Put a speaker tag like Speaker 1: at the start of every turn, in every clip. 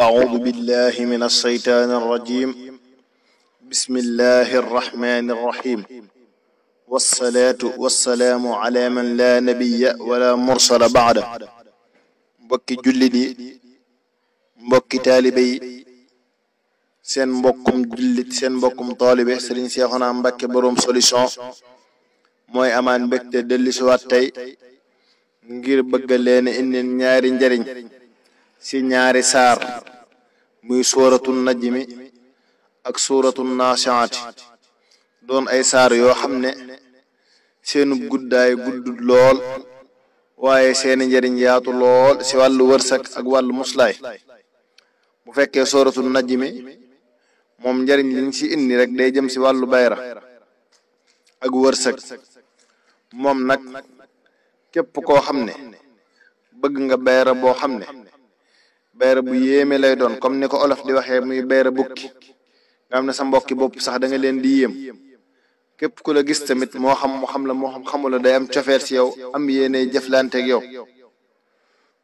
Speaker 1: أعوذ بالله من الشيطان الرجيم بسم الله الرحمن الرحيم والصلاة والسلام على من لا نبي ولا مرسل بعده mbokki jullit yi mbokki taalibe yi seen mbokkum jullit seen mbokkum taalibe Serigne Cheikhouna Mbacké Borom Solution mooy amaan mbégte dellusiwaat tey ngir bëgg leen indi ñaari njariñ si ñaari saar muy suuratu najmi ak suuratu naasiati doon ay saar yoo xam ne seenu guddaay guddul lool waaye seeni njariñ yaatu lool ci wàllu wërsëg ak wàllu muslaay bu fekkee suuratu najmi moom njëriñ liñ ci indi rek day jëm ci wàllu bayra ak wërsëg moom nag képp koo xam ne bëgg bayra boo xam ne bayra bu yéeme lay doon comme ni ko olof di waxee muy bayra bukki nga xam ne sa mbokki bopp sax da nga leen di yéem képp ku la gis tamit moo xam mu xam la moo xam xamula day am cofeer si yow am yéene jëflanteeg yow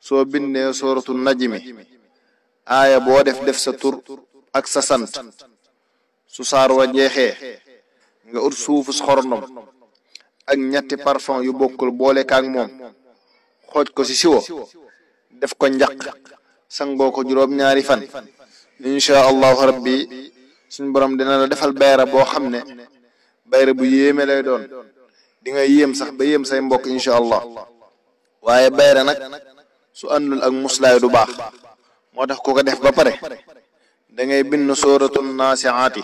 Speaker 1: soo bindee sooratu najmi aaya boo def def sa tur ak sa sant su sar wa jeexee nga ut suufus xorondom ak ñetti parfum yu bokkul boole kaak moom xooj ko si siwo def ko njaq sangoo ko juróom-ñaari fan incha allahu rabbi suñ borom dina la defal bayra boo xam ne bayra bu yéeme lay doon di nga yéem sax ba yéem say mbokk incha allah waaye bayra nag su àndul ak muslaay du baax moo tax ku ko def ba pare da ngay bind sóoratu naasiaati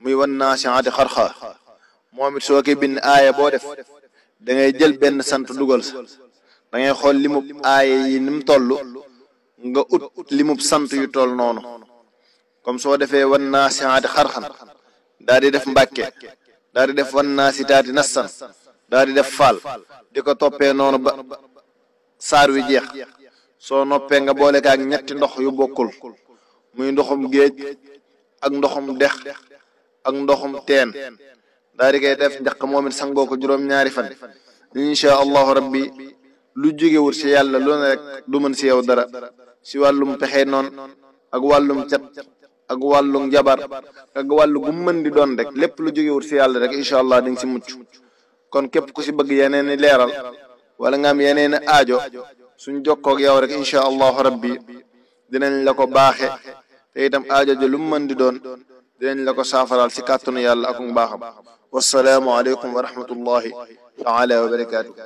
Speaker 1: muy wan naasiaati xarxa moom it soo koy bind aaya boo def da jël benn sant dugal sa da ngay xool li mu aaya yi ni mu nga ut li mu sant yu tool noonu comme soo defee wan naa si aati xarxan daa di def mbàkke daa di def wan naa si taati nassan daa di def faal di ko toppee noonu ba saar wi jeex soo noppee nga boole ka ak ñetti ndox yu bokkul muy ndoxum géej ak ndoxum dex ak ndoxum teen daa di koy def njaq moom it sangoo ko juróom-ñaari fan incha allahu rabbi lu jóge wut si yàlla lu ne rek du mën si yow dara si wàllum pexe noonu ak wàllum cat ak wàllu njabar ak wàllu gu mën di doon rek lépp lu jógewut si yàlla rek incha allah di nga si mucc kon képp ku si bëgg yeneen i leeral wala nga am yeneen i aajo suñ jokkoog yow rek incha allahu rabbi dinañ la ko baaxe te itam aajo jo lu mu mën di doon dinañ la ko saafaraal si kàttanu yàlla ak mbaaxam wasalaamu aleykum wa rahmatullahi taala wa barakaatu